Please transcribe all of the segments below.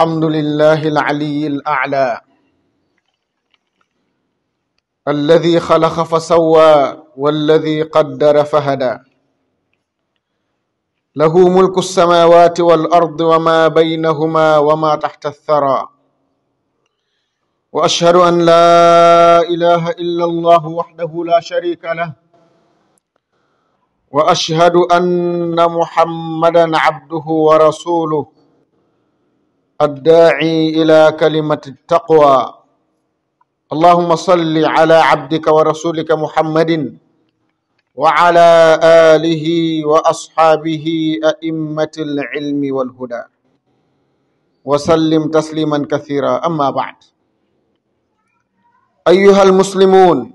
الحمد لله العلي الأعلى الذي خلق فسوى والذي قدر فهدى له ملك السماوات والأرض وما بينهما وما تحت الثرى وأشهد أن لا إله إلا الله وحده لا شريك له وأشهد أن محمدا عبده ورسوله الداعي إلى كلمة التقوى اللهم صل على عبدك ورسولك محمد وعلى آله وأصحابه أئمة العلم والهدى وسلم تسليما كثيرا أما بعد أيها المسلمون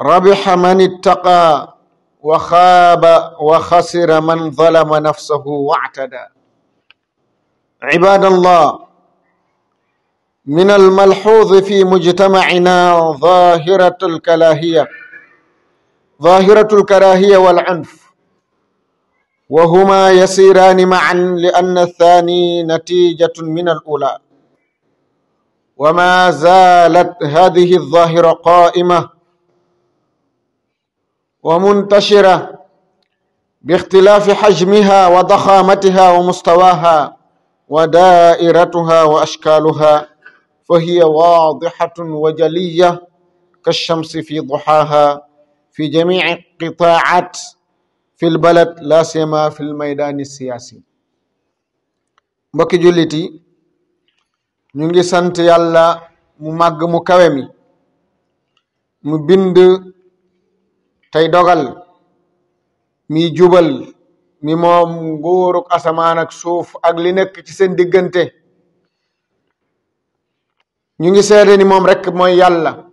ربح من اتقى وخاب وخسر من ظلم نفسه واعتدى عباد الله من الملحوظ في مجتمعنا ظاهرة الكراهية ظاهرة الكراهية والعنف وهما يسيران معا لأن الثاني نتيجة من الأولى وما زالت هذه الظاهرة قائمة ومنتشرة باختلاف حجمها وضخامتها ومستواها ودائرتها وأشكالها فهي واضحة وجلية كالشمس في ضحاها في جميع القطاعات في البلد لا سيما في الميدان السياسي mbokki jullit yi ñu ngi sant yàlla mu màgg mu kawe mi mu bind tey dogal mi jubal mi moom nguuruk asamaan ak suuf ak li nekk ci seen diggante ñu ngi seede ni moom rek mooy yàlla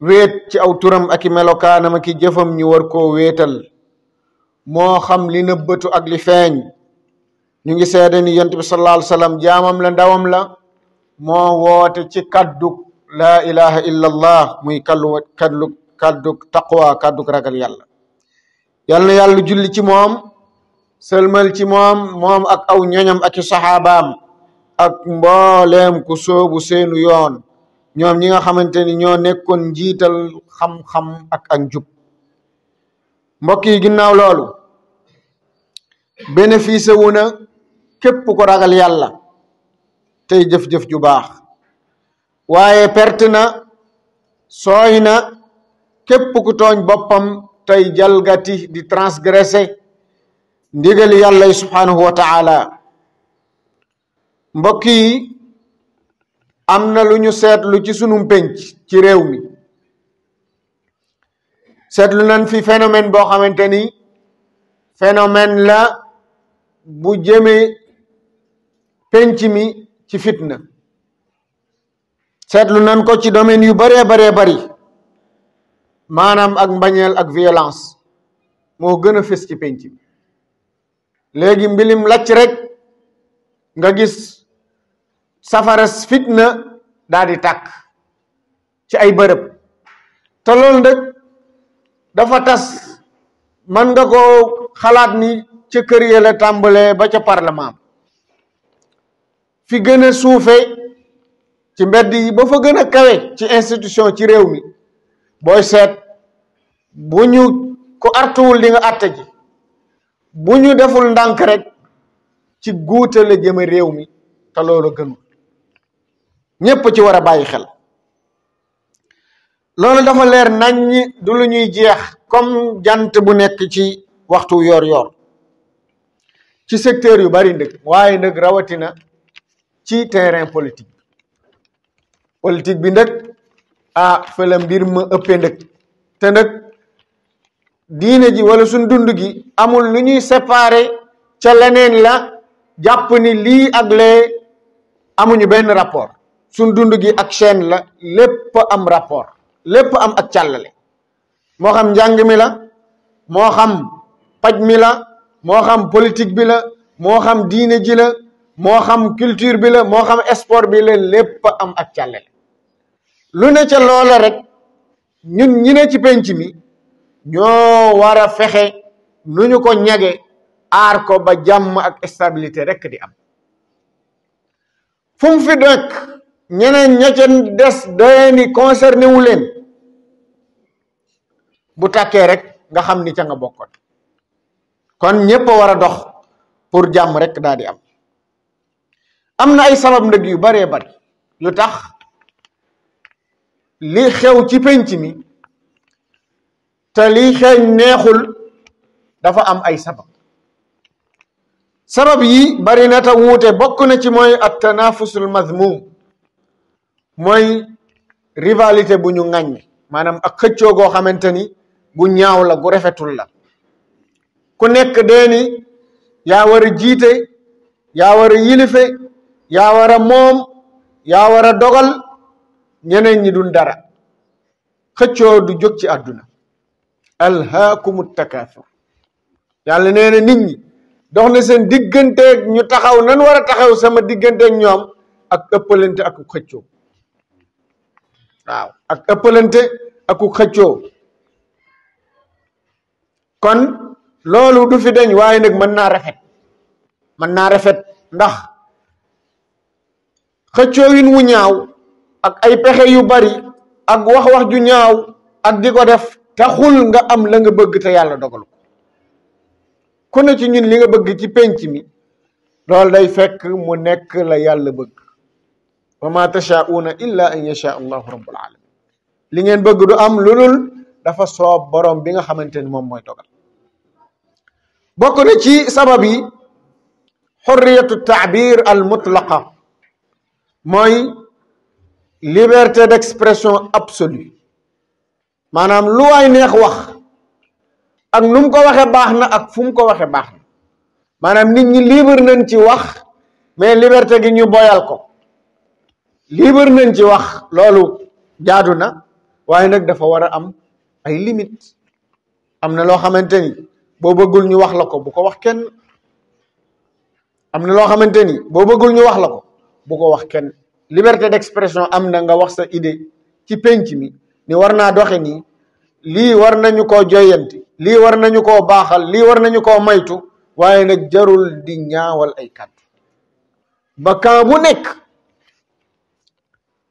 wéet ci aw turam ak i melokaanam ak i jëfam ñu war koo wéetal moo xam li nëbbatu ak li feeñ ñu ngi seede ni yonent bi sallallahu alayhi wasallam jaamam la ndawam la moo woote ci kaddug laa ilaha illa allah muy kallu kaddu kaddug taqwa kaddug ragal yàlla yàlla julli ci moom sëlmal ci moom moom ak aw ñoñam ak i saxaabaam ak mbooleem ku soobu seenu yoon ñoom ñi nga xamante ni ñoo nekkoon njiital xam-xam ak ak njub mbokk yi ginnaaw loolu bénéfice wu na képp ko ragal yàlla tey jëf-jëf ju baax waaye perte na sooy na képp ku tooñ boppam tey jalgati di transgressé ndigal yàlla yi subhaanahu mbokk yi am na lu ñu seetlu ci sunum pénc ci réew mi seetlu nañ fi phénomène boo xamante ni phénomène la bu jëmee pénc mi ci fitna seetlu nañ ko ci domaine yu baree baree bari maanaam ak mbañeel ak violence moo gën a fës ci pénc mi léegi mbilim lacc rek nga gis safara fitna daa di tàkk ci ay bërëb te loolu nag dafa tas man nga ko xalaat ni ca kër ya la tàmbalee ba ca parlement fi gën a suufe ci mbedd yi ba fa gën a kawe ci institution ci réew mi booy seet bu ñu ko artuwul li nga àtte ji bu ñu deful ndànk rekk ci guute la réew mi te loolu gënul ñépp ci war a bàyyi xel loolu dafa leer naññ du lu ñuy jeex comme jant bu nekk ci waxtu yor-yor ci secteur yu bari ndëg waaye ndëg rawatina ci terrain politique politique bi ndëg ah fële mbir ma ëppee ndëg te ndëg diine ji wala sun dund gi amul lu ñuy séparer ca leneen la jàpp ni lii ak lee amuñu benn rapport suñ dund gi ak chaîne la lépp am rapport lépp am ak càllale moo xam njàng mi la moo xam paj mi la moo xam politique bi la moo xam diine ji la moo xam culture bi la moo xam esport bi la lépp am ak càllale lu ne ca loola rek ñun ñi ci penc mi ñoo war a fexe nu ñu ko ñage aar ko ba jàmm ak stabilité rekk di am fu mu fi nekk ñeneen ña des doyen di concerné wu leen bu takkee rek nga xam ni ca nga bokkoon kon ñépp a war a dox pour jàmm rekk daal am am na ay sabab ndëg yu baree bari yu tax li xew ci penc mi te lii xeeñ neexul dafa am ay sabab sabab yi bari na te wuute bokk na ci mooy at tanafusul mazmum mooy rivalité bu ñu ŋàññ maanaam ak xëccoo goo xamante ni gu ñaaw la gu rafetul la ku nekk deeni yaa war a jiite yaa war a yilife yaa war a moom yaa war a dogal ñeneen ñi dun dara xëccoo du jóg ci àdduna alhaakumu takaasur yàlla nee na nit ñi dox na seen digganteeg ñu taxaw nan war a taxaw sama digganteeg ñoom ak ëppalante ak xëccoo waaw ak ëppalante ak xëccoo kon loolu du fi dañ waaye nag mën naa rafet mën naa rafet ndax xëccoo win wu ñaaw ak ay pexe yu bari ak wax wax ju ñaaw ak di ko def taxul nga am la nga bëgg te yàlla dogal ko ne ci ñun li nga bëgg ci penc mi loolu day fekk mu nekk la yàlla bëgg wa ma tashaauna illa an yasha allahu rabbul alamin li ngeen bëgg du am lu dul dafa soob borom bi nga xamante ni moom mooy dogal bokk na ci sabab yi xurriyatu taabir al mutlaqa mooy liberté d'expression absolue maanaam lu waay neex wax ak nu ko waxe baax na ak fum ko waxe baax na maanaam nit ñi libre nañ ci wax mais liberté gi ñu boyal ko libre nañ ci wax loolu jaadu na waaye nag dafa war a am ay limite am na loo xamante ni boo bëggul ñu wax la ko bu ko wax kenn am na loo xamante ni boo bëggul ñu wax la ko bu ko wax kenn liberté d'expression am na nga wax sa idée ci penc mi ni war naa doxe nii lii war nañu koo joyanti lii war nañu ko baaxal lii war nañu koo maytu waaye nag jarul di ñaawal ay kàddu ba kan bu nekk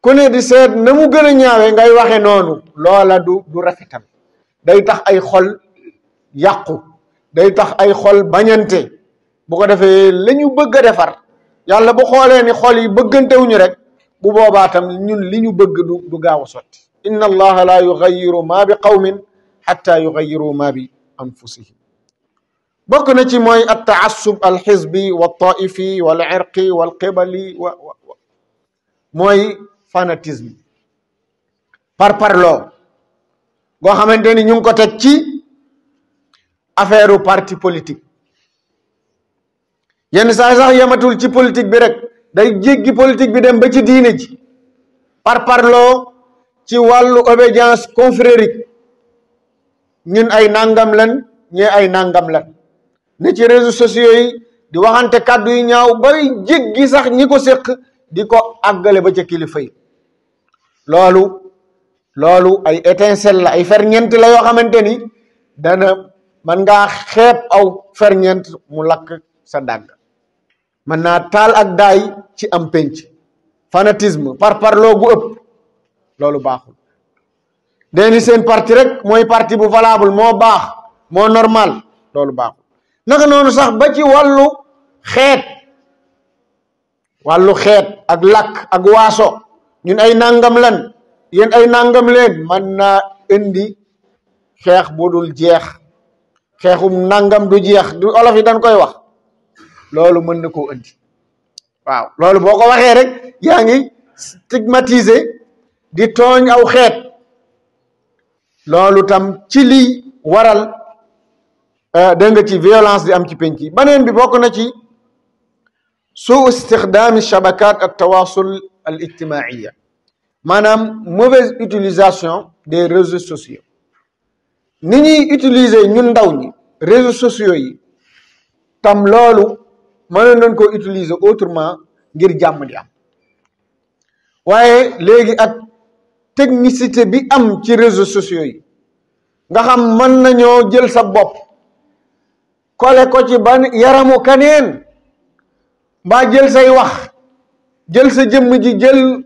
ku ne di seet na mu gën a ñaawee ngay waxe noonu loola du du rafetal day tax ay xol yàqu day tax ay xol bañante bu ko defee la ñu bëgg a defar yàlla bu xoolee ni xol yi bëggantewuñu rek bu boobaatam tam li ñu bëgg du du gaaw a sotti inna allaha la yugayiru ma bi qawmin xatta yugayiru ma bi anfusihim bokk na ci mooy al taassub al xisbi taifi wal irqi wal qibali wa mooy fanatisme par parloo goo xamante ni ñu ngi ko ci affaire u parti politique yenn saa sax yematul ci politique bi rek day jéggi politique bi dem ba ci diine ji par parloo ci wàllu obédience confrérique ñun ay nangam lan ñee ay nangam lan ne ci réseaux sociaux yi di waxante kàddu yu ñaaw bari bay jéggi sax ñi ko séq di ko àggale ba ca kilifa yi loolu loolu ay étincelle la ay fer ferñeent la yoo xamante ni dana man nga xeeb aw ferñeent mu lakk sa dàgg mën naa taal ak daay ci am penc fanatisme par parloo gu ëpp loolu baaxul dee ni seen parti rek mooy partie bu valable moo baax moo normal loolu baaxul naka noonu sax ba ci wàllu xeet wàllu xeet ak làkk ak waaso ñun ay nangam lan yéen ay nangam leen mën na indi xeex bu dul jeex xeexum nangam du jeex du olof yi dañ koy wax loolu mën na koo indi waaw loolu boo ko waxee rek yaa ngi stigmatiser di tooñ aw xeet loolu tam ci liy waral euh, dégg nga ci violence di am ci penc yi baneen bi bokk na ci suu istixdaami shabakat at tawasul al ijtimaia maanaam mauvaise utilisation des réseaux sociaux ni ñuy utiliser ñun ndaw ñi réseaux sociaux yi tam loolu mënoon nañ ko utiliser autrement ngir jàmm di am waaye léegi technicité bi am ci réseau sociaux yi nga xam man nañoo jël sa bopp kole ko ci ban yaramu kaneen mbaa jël say wax jël sa jëmm ji jël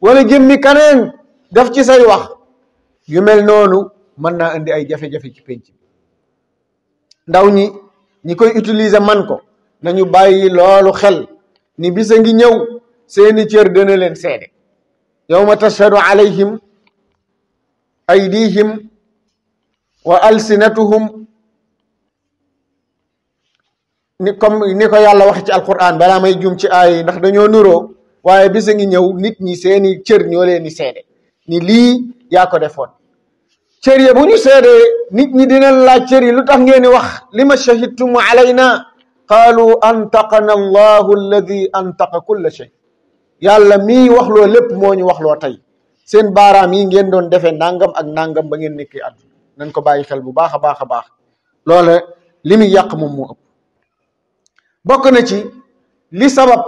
wala jëmmi kaneen def ci say wax yu mel noonu mën naa indi ay jafe-jafe ci penc bi ndaw ñi ñi koy utiliser man ko nañu bàyyi loolu xel ni bisa ngi ñëw seeni cër dana leen seede yawma tashhadu alayhim aydihim wa alsinatuhum ni comme ni ko yàlla wax ci alquran may jum ci aay yi ndax dañoo nuroo waaye bis a ngi ñëw nit ñi seeni cër ñoo leen di seede ni lii yaa ko defoon cër ya bu ñu nit ñi dina laaj cër yi lu tax ngeen wax li ma shahidtum alayna qaalu antaqana allahu alladi antaqa kulla shay yàlla mi wax loo lépp moo ñu wax loo tey seen baaraam yi ngeen doon defee nangam ak nangam ba ngeen nekkee at nañ ko bàyyi xel bu baax a baax a baax loola li muy yàq moom moo ëpp bokk na ci li sabab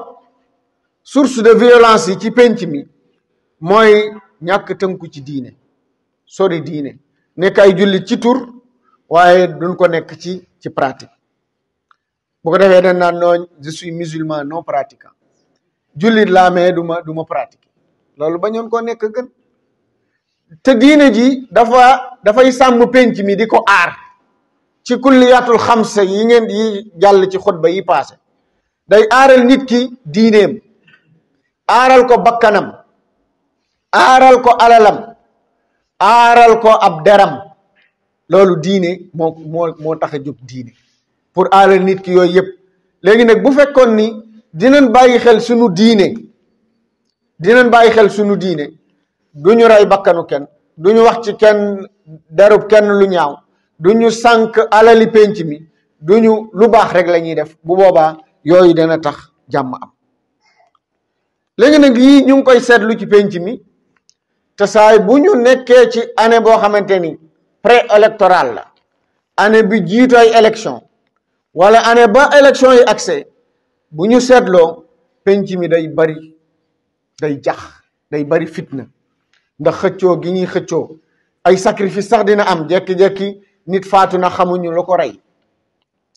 source de violence yi ci penc mi mooy ñàkk tënku ci diine sori diine nekk ay jullit ci tur waaye duñ ko nekk ci ci pratique bu ko defee dañ naan non je musulman non pratiquant jullit laa mais duma ma du ma pratiquer loolu bañoon koo nekk gën te diine ji dafa dafay sàmm penc mi di ko aar ci kulliyatul xamsa yi ngeen yi jàll ci xutba yi paase day aaral nit ki diineem aaral ko bakkanam aaral ko alalam aaral ko ab deram loolu diine moo moo moo tax a jóg diine pour aaral nit ki yooyu yëpp léegi nag bu fekkoon ni dinañ bàyyi xel sunu diine dinañ bàyyi xel sunu diine du ñu rey bakkanu kenn du ñu wax ci kenn derub kenn lu ñaaw du ñu sànq alali penc mi du ñu lu baax rek lañuy def bu boobaa yooyu dana tax jàmm am léegi nag yii ñu ngi koy seetlu ci penc mi te saay bu ñu nekkee ci année boo xamante ni pré électoral la année bi jiitooy élection wala année ba élection yi accès bu ñu seetloo penc mi day bari day jax day bari fitna ndax xëccoo gi ñuy xëccoo ay sacrifice sax dina am jekki-jekki nit faatu na xamuñu lu ko rey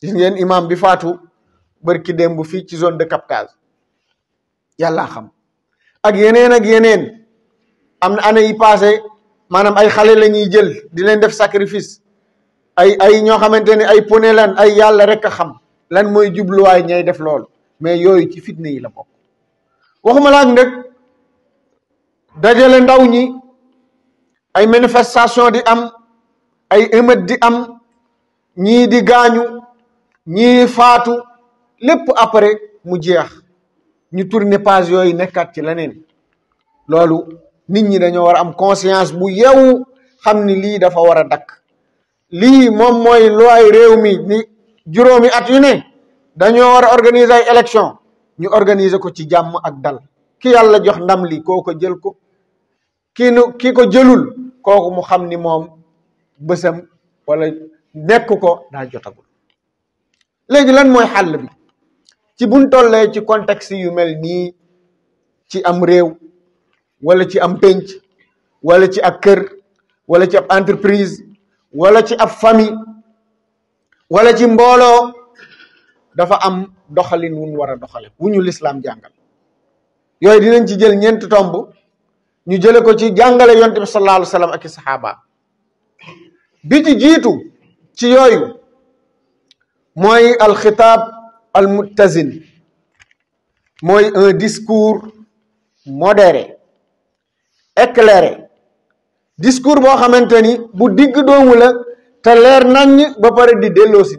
gis ngeen imam bi faatu bërki démb fii ci zone de captage yàlla xam ak yeneen ak yeneen am na année yi passé maanaam ay xale la ñuy jël di leen def sacrifice ay ay ñoo xamante ne ay pone lan ay yàlla rek a xam lan mooy jubluwaay ñay def loolu mais yooyu ci fitna yi la bokk waxuma laak nag dajale ndaw ñi ay manifestation di am ay émeute di am ñii di gaañu ñii faatu lépp après mu jeex ñu tourner page yooyu nekkaat ci leneen loolu nit ñi dañoo war a am conscience bu yeewu xam ni lii dafa war a dakk lii moom mooy looy réew mi ni juróomi at yu ne dañoo war a organiser ay élection ñu organiser ko ci jàmm ak dal ki yàlla jox ndam li koo ko jël ko kii nu kii ko jëlul kooku mu xam ni moom bësam wala nekk ko daa jotagul léegi lan mooy xàll bi ci buñ tollee ci contexte yu mel nii ci am réew wala ci am pénc wala ci ab kër wala ci ab entreprise wala ci ab famille wala ci mbooloo dafa am doxalin wu ñu war a doxale wu ñu lislaam jàngal yooyu dinañ ci jël ñeent tomb ñu jële ko ci jàngale yonte bi sallallahu alayhi wa sallam ak i saxaaba bi ci jiitu ci yooyu mooy alxitaab almuttazin mooy un discours modéré éclairé discours boo xamante ni bu digg doomu la te leer naññ ba pare di delloo si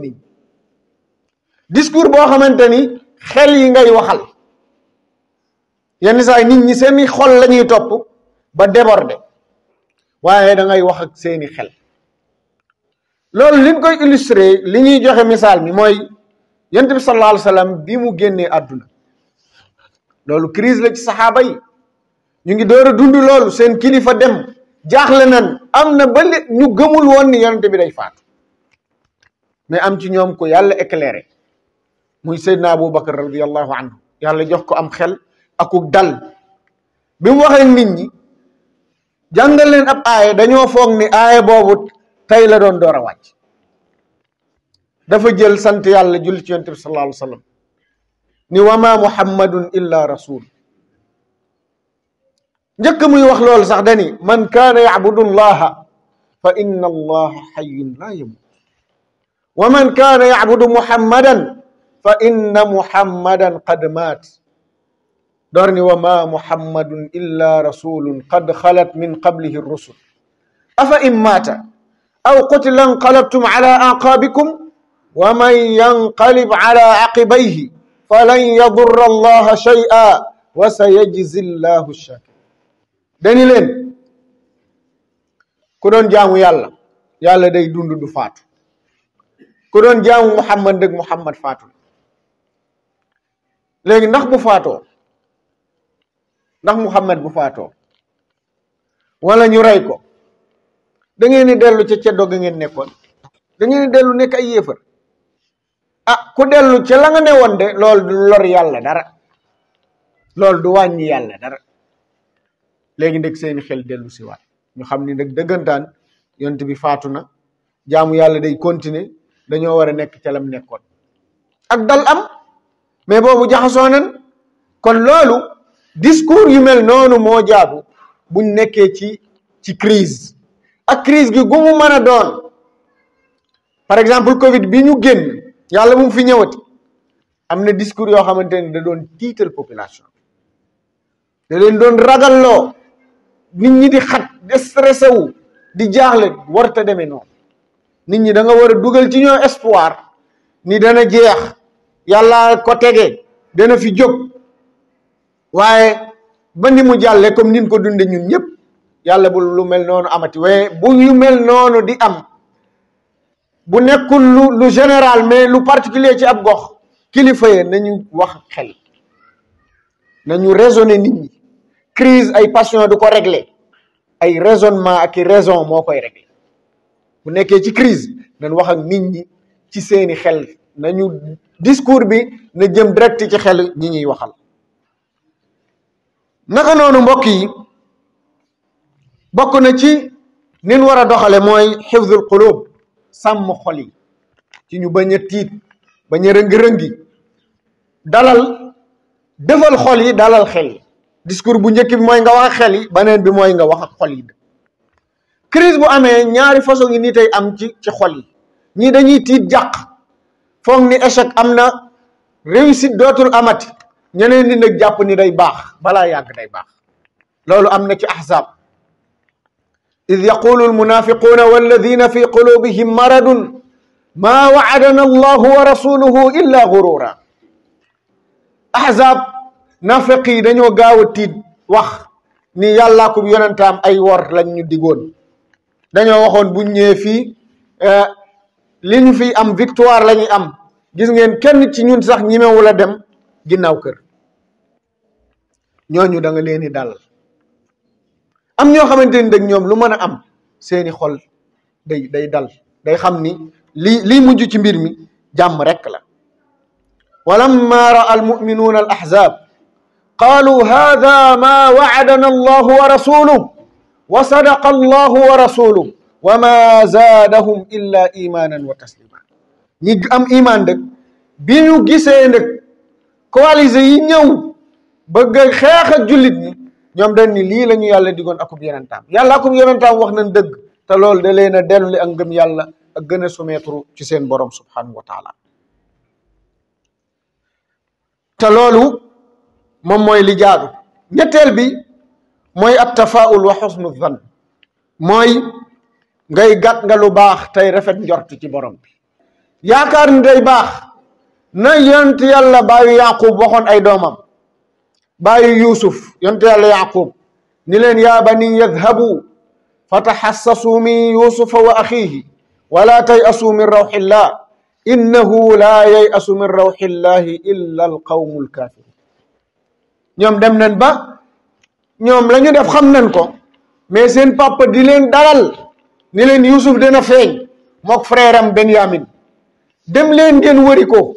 discours boo xamante ni xel yi ngay waxal yenn saa nit ñi seeni xol la ñuy topp ba déborder waaye dangay ngay wax ak seeni xel loolu liñ koy illustrer li ñuy joxe misaal mi mooy yent bi sallallahu alayhi wa sallam bi mu génnee àdduna loolu crise la ci saxaaba yi ñu ngi door a dund loolu seen kilifa dem jaaxle nan am na ba ñu gëmul woon ni yonent bi day faatu mais am ci ñoom ko yàlla éclairé muy Seydina Aboubacar radiyallahu anhu yàlla jox ko am xel akuk dal bi waxee nit ñi leen ab aaya dañoo foog ni aaya boobu tey la doon door a wàcc dafa jël sant yàlla julli ci yonent bi sallallahu alayhi wa sallam ni wama illa rasul njëkk muy wax loolu sax dani man kaana yacbudu allaha fa inna allaha xayun laa yamut wa man kaana yacbudu muhammadan fa inna muhammadan qad maat door ni wa ma muhammadun illa rasulun qad xalat min qablihi rusul afa in maata aw qutila inqalabtum ala aqaabikum wa man yanqalib ala aqibayhi falan yadurra allaha shay'a wa sayajzi llahu shakir dani leen ku doon jaamu yàlla yàlla day dund du faatu ku doon jaamu muhammad dëgg muhammad faatu léegi ndax bu faatoo ndax Muhammad bu faatoo wala ñu rey ko da ngeen di dellu ca ceddo ga ngeen nekkoon da ngeen dellu nekk ay yéefar a ah, ku dellu ca la ne newoon de lool du lor yàlla dara loolu du wàññi yàlla dara léegi nag seeni xel dellu si ñu xam ni nag dëggantaan yont bi faatu na jaamu yàlla day continuer dañoo war a nekk ca lam nekkoon ak dal am mais boobu jaxasoo nan kon loolu discours yu mel noonu moo jaabu buñ nekkee ci ci crise ak crise gi gu mu mën a doon par exemple covid bi ñu génn yàlla mu fi ñëwati am na discours yoo xamante ni da doon tiital population da leen doon ragalloo nit ñi di xat des stressé di jaaxle warta demee noonu nit ñi da nga war a dugal ci ñoo espoir ni dana jeex yàlla ko tege dana fi jóg waaye ba ni mu jàlle comme nin ko dundee ñun ñëpp yàlla bu lu mel noonu amati waaye bu ñu mel noonu di am bu nekkul lu lu général mais lu particulier ci ab gox kilifa yi nañu wax xel nañu raisonner nit ñi crise ay passion du ko régle ay raisonnement ak i raison moo koy régler bu nekkee ci crise nan wax ak nit ñi ci seeni xel nañu discours bi na jëm direct ci xel ñi ñuy waxal naka noonu mbokk yi bokk na ci nin war a doxale mooy xifdul qulub sàmm xol yi ci ñu bañ a tiit bañ a rëngi-rëngi dalal defal xol yi dalal xel yi discours bu njëkk bi mooy nga wax ak xel yi beneen bi mooy nga wax ak xol yi crise bu amee ñaari façon yi nit ay am ci ci xol yi ñii dañuy tiit jàq foog ni échec am na réussite dootul amati ñeneen ñi nag jàpp ni day baax balaa yàgg day baax loolu am na ci ahzaab id yaqulu almunafiquuna walladina fi qulubihim maradun maa waadana allahu wa rasuluhu illa gurura ahzaab nafiq yi dañoo gaaw a tiit wax ni yàllaa ko yonentaam ay wor lañ ñu digoon dañoo waxoon buñ fii eh, li ñu fi am victoire la am gis ngeen kenn ci ñun sax ñimewu la dem ginnaaw kër ñooñu da leeni leen am ñoo xamante ni dañ ñoom lu mën a am seeni xol day day dal day xam ni li liy mujj ci mbir mi jàmm rekk la walamma raa almuminuuna al ahzab qaalu hada ma waadana allahu wa rasuluh wa sadaqa allahu wa rasuluh wama ma zaadahum illa wa taslima ñi am imaan dëgg bi ñu gisee nag coalisé yi ñëw bëgg a xeex ak jullit ñi ñoom dañ ni lii la ñu yàlla digoon akub yonentaam yàlla akub yonentaam wax nañ dëgg te loolu da leen a dellu ak gëm yàlla ak gën a ci seen borom subhanahu wa taala te loolu moom mooy li jaadu ñetteel bi mooy at tafaul wa xusnu zan mooy ngay gàtt nga lu baax tey rafet njort ci borom bi yaakaar ni day baax na yont yàlla baayu yaqub waxoon ay doomam baayu yusuf yont yàlla yaqub ni leen yaa bani yadhabu fataxassasu min yusufa wa axiihi wala tayasu min rawxillah innahu laa yayasu min rawxillahi illa alqawmu alkafirun ñoom dem nañ ba ñoom la def xam nañ ko mais papa di dalal ni leen Yuusuf dana feeñ mook frère am Benyamin dem leen ngeen wëri ko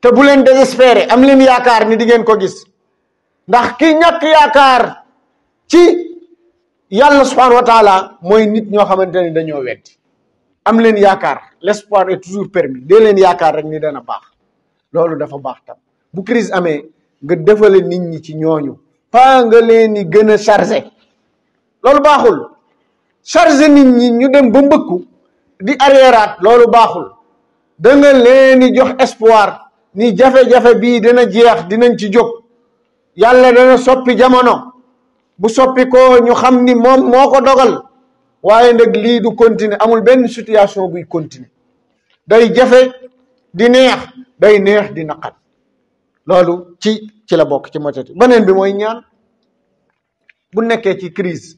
te bu leen désespéré am leen yaakaar ni di ngeen ko gis ndax ki ñàkk yaakaar ci yàlla subhanahu wa mooy nit ñoo xamante ne dañoo weddi am leen yaakaar l'espoir est toujours permis dee leen yaakaar rek ni dana baax loolu dafa baax tam bu crise amee nga defale nit ñi ci ñooñu paa nga leen ni gën a chargé loolu baaxul chargé nit ñi ñu dem ba mbëkku di arriéraat loolu baaxul da nga leen di jox espoir ni jafe-jafe bii dana jeex dinañ ci jóg yàlla dana soppi jamono bu soppi ko ñu xam ni moom moo ko dogal waaye nag lii du continuer amul benn situation buy continuer day jafe di neex day neex di naqat loolu ci ci la bokk ci motati beneen bi mooy ñaan bu nekkee ci crise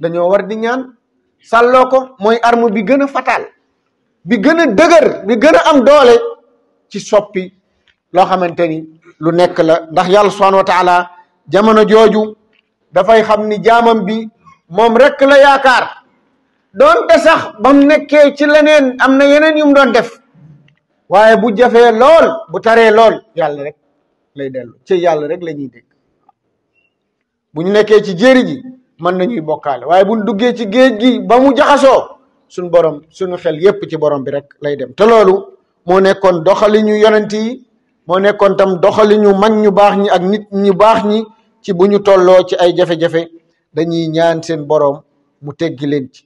dañoo war di ñaan sàlloo ko mooy arme bi gën a fatal bi gën a dëgër bi gën a am doole ci soppi loo xamante ni lu nekk la ndax yàlla subhanahu wa taala jamono jooju dafay xam ni jaamam bi moom rekk la yaakaar doonte sax ba mu nekkee ci leneen am na yeneen yu mu doon def waaye bu jafee lool bu taree lool yàlla rek lay dellu ci yàlla rek lañuy ñuy dégg bu nekkee ci jéeri ji mën nañuy bokkaale waaye bu duggee ci géej gi ba mu jaxasoo suñ borom suñu xel yépp ci borom bi rek lay dem te loolu moo nekkoon doxali ñu yonent yi moo nekkoon tam doxali ñu mag ñu baax ñi ak nit ñu baax ñi ci bu ñu tolloo ci ay jafe-jafe dañuy ñaan seen boroom mu teggi leen ci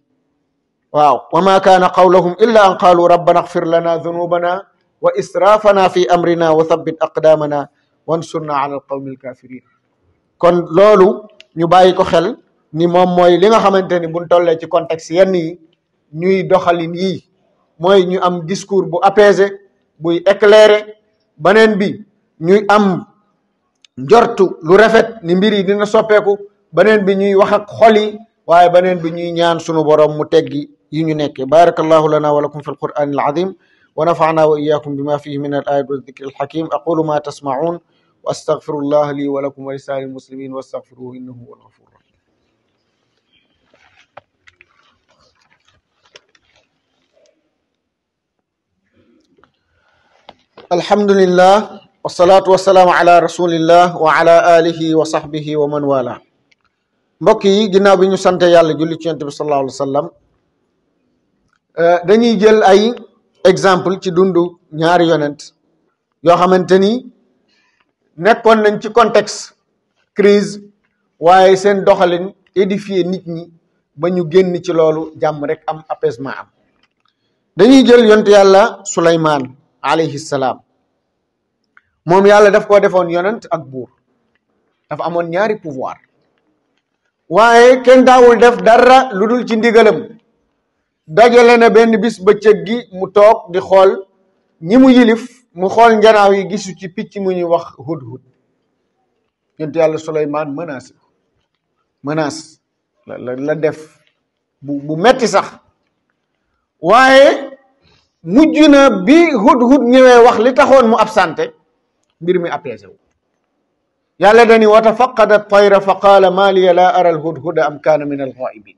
waaw wa ma kaana qawlahum illa an qaalu rabbana xfir dunubana wa israfana fi amrina wa thabbit aqdamana wansurna ala alqawmi alkafirin kon loolu ñu bàyyi ko xel ni moom mooy li nga xamante ni buñ tollee ci contexte yenn yi ñuy doxalin yii mooy ñu am discours bu apaisé buy éclairé beneen bi ñuy am njortu lu rafet ni mbir yi na soppeeku beneen bi ñuy wax ak xol yi waaye beneen bi ñuy ñaan sunu borom mu teggi yi ñu nekke barakallahu lana wa lakum fi alquran alazim wa nafa'na wa iyyakum bima fihi min alayat wa dhikr alhakim wa astaghfirullaha li wa lakum alhamdulillah wasalaatu wasalaamu ala rasulillah wa ala alihi wa yi ginnaaw bi ñu sante yàlla julli ci yonent bi sallallahu alayhi wa sallam eh, dañuy jël ay exemple ci dundu ñaari yonent yoo xamante ni nekkoon nañ ci contexte crise waaye seen doxalin édifier nit ñi ba ñu génn ci loolu jàmm rek am apaisement am dañuy jël yonent yàlla Suleymaan alayhi salaam moom yàlla def koo defoon yonent ak buur dafa amoon ñaari pouvoir waaye kenn daawul def dara lu dul ci ndigalam dajale na benn bis bëccëg gi mu toog di xool ñi mu yilif mu xool njanaaw yi gisu ci picc mu ñuy wax hudhud yonent yàlla Suleymaan menace menace la la def bu bu metti sax waaye mujj na bi hudhud ñëwee wax li taxoon mu absenté mbir mi apaisé wu yàlla dani wa tafaqada tayra fa qaala ma liya laa ara alhudhuda am kaana min alxaaibin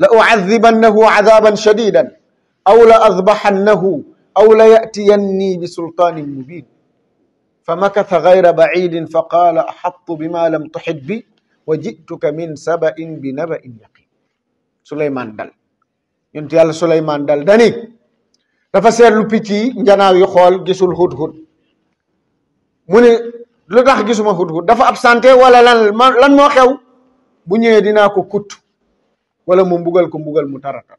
la uazibannahu azaban shadidan aw la azbaxannahu aw la yatiyannii bi sultaanin mubin fa makatha gayra bacidin fa qaala axattu bima lam tuxit bi wa jituka min sabain bi nabain yaqin suleymaan dal yonent yàlla suleymaan dal dani dafa seetlu picc yi njanaaw yi xool gisul hudhud mu ne lu tax gisuma hudhud dafa absenté wala lan lan moo xew bu ñëwee dinaa ko kut wala mu mbugal ko mbugal mu tarata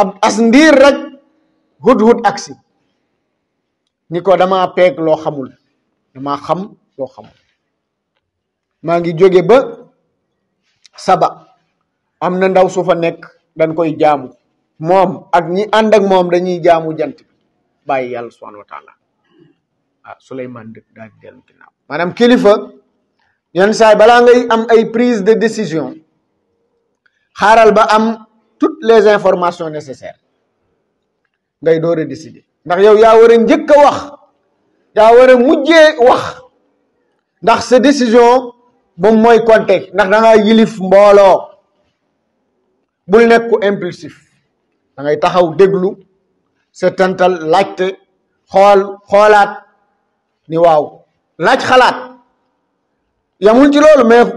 ab as ndiir rek hudhud aksi ni ko dama peeg loo xamul damaa xam loo xamul maa ngi jóge ba saba am na ndaw su fa nekk dañ koy jaamu moom ak ñi ànd ak moom dañuy jaamu jant bi bàyyi yàlla subhanahu wa taala ah Souleymane dëkk maanaam kilifa yenn saay balaa ngay am ay prise de décision xaaral ba am toutes les informations nécessaires ngay door a décider ndax yow yaa war a njëkk a wax yaa war a mujjee wax ndax sa décision moom mooy contexte ndax da ngaa yilif mbooloo bul nekk impulsif da ngay taxaw déglu setantal laajte xool xoolaat ni waaw laaj xalaat yamul ci loolu mais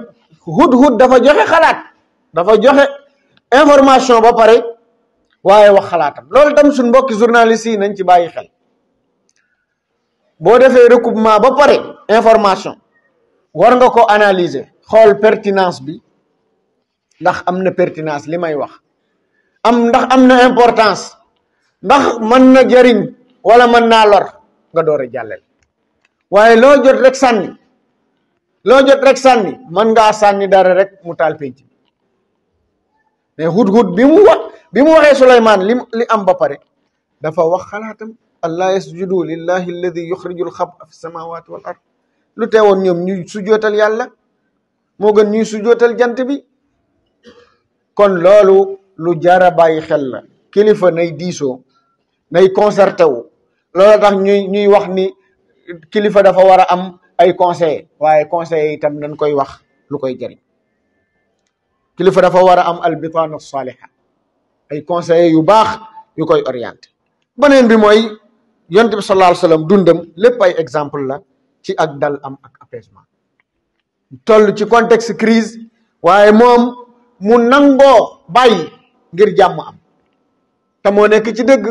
hud hud dafa joxe xalaat dafa joxe information ba pare waaye wax xalaatam loolu tam suñ mbokki journaliste yi nañ ci bàyyi xel boo defee recoupement ba pare information war nga ko analyser xool pertinance bi ndax am na pertinance li may wax am ndax am na importance ndax man na jariñ wala mën naa lor nga door a jàlleel waaye loo jot rek sànni loo jot rek sànni man ngaa sànni dara rek mu taal penc mais hudhud bi mu bi mu waxee Suleymaan li li am ba pare dafa wax xalaatam allah yasjudu lillahi alladi yuxrijul xaba fi samawati wal ard lu teewoon ñoom ñuy sujootal yàlla moo gën ñuy sujootal jant bi kon loolu lu jara bàyyi xel la kilifa nay diisoo nay concerté wu loolu tax ñuy wax ni kilifa dafa war a am ay conseil waaye conseil itam dañ koy wax lu koy jëriñ kilifa dafa war a am albitaana saliha ay conseil yu baax yu koy orienté beneen bi mooy yonent bi sallallahu alayhi wasallam dundam lépp ay exemple la ci ak dal am ak apaisement toll ci contexte crise waaye moom mu nangoo bàyyi ngir jàmm am te moo nekk ci dëgg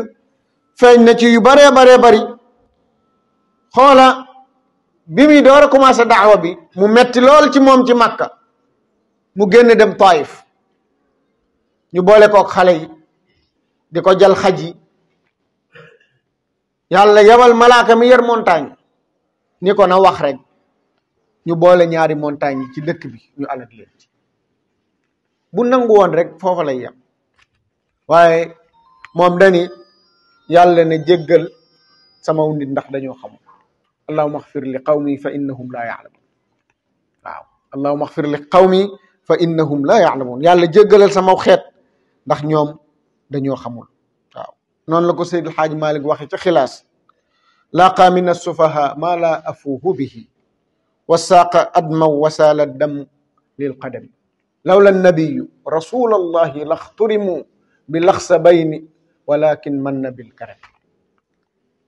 feeñ na ci yu baree baree bari xoola bi muy door a commencé daawa bi mu metti lool ci moom ci Makka mu génn dem Taif ñu boole kook xale yi di ko jal xaj yi yàlla yebal malaaka mi yer montagne ni ko na wax rek ñu boole ñaari montagne yi ci dëkk bi ñu alag leen bu nangu woon rek foofu lay yem waaye moom dani yàlla ne jéggal sama nit ndax dañoo xamul allahuma axfir li qawmi fa innahum laa yaalamuun waaw allahuma axfir li qawmi fa innahum laa yaalamuun yàlla jéggalal sama xeet ndax ñoom dañoo xamul waaw noonu la ko Seydil Xaaj Malik waxe ca xilaas laaqa min assufaha maa laa afuuhu bihi wasaaqa admaw wasaala dam lil qadami lawla nabiyu rasula allahi laxturimu bi lax sa bay ni kin mën na bil karam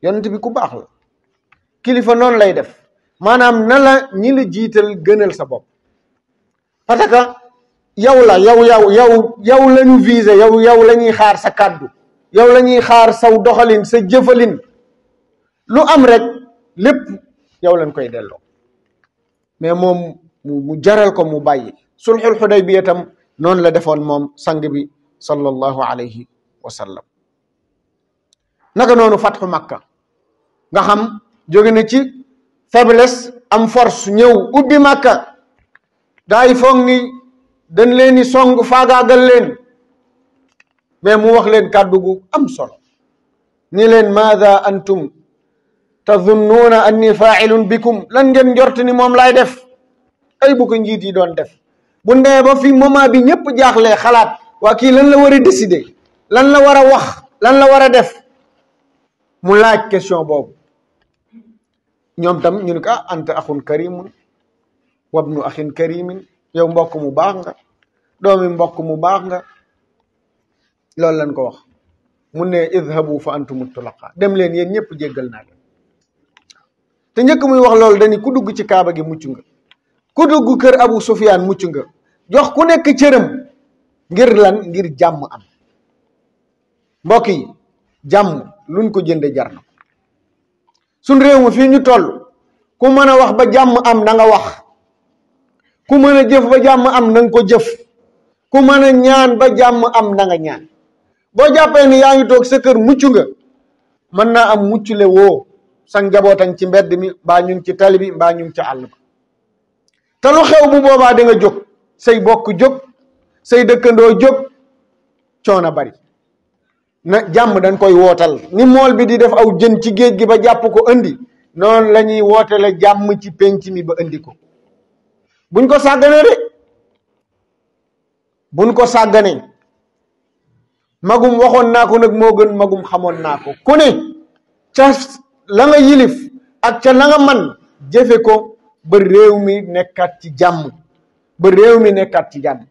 yonent bi ku baax la kilifa noonu lay def maanaam na la ñi la jiital gënal sa bopp parce que yow la yow yow yow yow la ñu visé yow yow la ñuy xaar sa kàddu yow la ñuy xaar saw doxalin sa jëfalin lu am rek lépp yow lañ koy delloo mais moom mu jaral ko mu bàyyi sulxul xudaybiya tam noonu la defoon moom sang bi sallallahu alayhi wa sallam naka noonu fatxu makka nga xam jóge na ci faiblesse am force ñëw ubbi makka daay foog ni dan leen di song faagaagal leen mais mu wax leen kàddu gu am solo ni leen maada antum tazunnuuna anni faa'ilun bikum lan ngeen njort ni moom laay def ay bu njiit yi doon def bu nee ba fi moment bi ñëpp jaaxlee xalaat waa kii lan la war a décider lan la war a wax lan la war a def mu laaj question boobu ñoom tam ñu ne ko ah anta axun karimun wabnu axin karimin yow mbokk mu baax nga doomi mbokk mu baax nga loolu lañ ko wax mu ne idhabu fa antum tulaqa dem leen yéen ñëpp jéggal naa leen te njëkk muy wax loolu dañi ku dugg ci kaaba gi mucc nga ku dugg kër Abu Sufyaan mucc nga jox ku nekk cëram ngir lan ngir jàmm am mbokk yi jàmm luñ ko jënde jar na suñ réew mi fii ñu toll ku mën a wax ba jàmm am nanga wax ku mën a jëf ba jàmm am na ko jëf ku mën a ñaan ba jàmm am nanga ñaan boo jàppee ni yaa ngi toog sa kër mucc nga mën naa am mucc le woo sa ci mbedd mi mbaa ñu ci talibi bi mbaa ñu ci àll ba te xew bu boobaa danga nga jóg say bokk jóg say dëkkandoo jóg a bari na jàmm dañ koy wootal ni mool bi di def aw jën ci géej gi ba jàpp ko indi noon lañuy ñuy jàmm ci penc mi ba indi ko buñ ko sàgganee de buñ ko sàgganee magum waxoon naa ko nag moo gën magum xamoon naa ko ku ne ca la nga yilif ak ca la nga man jëfe ko ba réew mi nekkaat ci jàmm ba réew mi nekkaat ci jàmm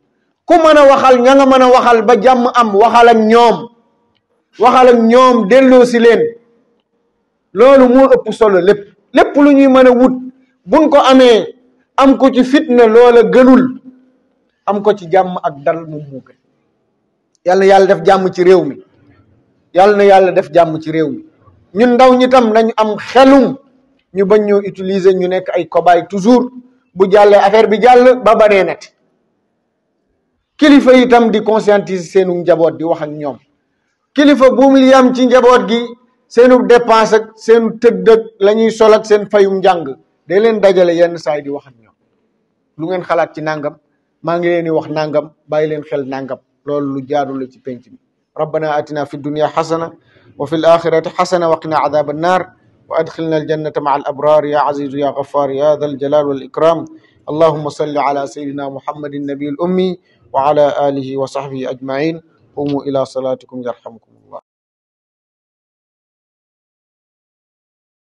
ku mën a waxal ña nga mën a waxal ba jàmm am waxal ñoom waxal ñoom delloo si leen loolu mu ëpp solo lépp lépp lu ñuy mën a wut buñ ko amee am ko ci fitna loola gënul am ko ci jàmm ak dal mu muuke yàlla yàlla def jàmm ci réew mi yàlla na yàlla def jàmm ci réew mi ñun ndaw ñitam tam nañu am xelum ñu bañ ñoo utiliser ñu nekk ay cobaye toujours bu jàllee affaire bi jàll ba banee nati kilifa yi itam di conscientiser seenu njaboot di wax ak ñoom kilifa bu mu yam ci njaboot gi seenu dépense ak seenu tëdd ak la ñuy seen fayum njàng day leen dajale yenn saay di wax ak lu ngeen xalaat ci nangam maa ngi leen di wax nangam bàyyi leen xel nangam loolu lu jaadu la ci penc mi rabbana atina fi dunya xasana wa fi l axirati xasana wa qina adaba annaar wa adxilna aljannata maa al abrar ya azizu ya gafar ya dal jalal wal ikram allahuma salli ala sayidina muhammadin nabi al wa ala alihi wa sahbihi ajmain qumu ila salatikum yarhamukum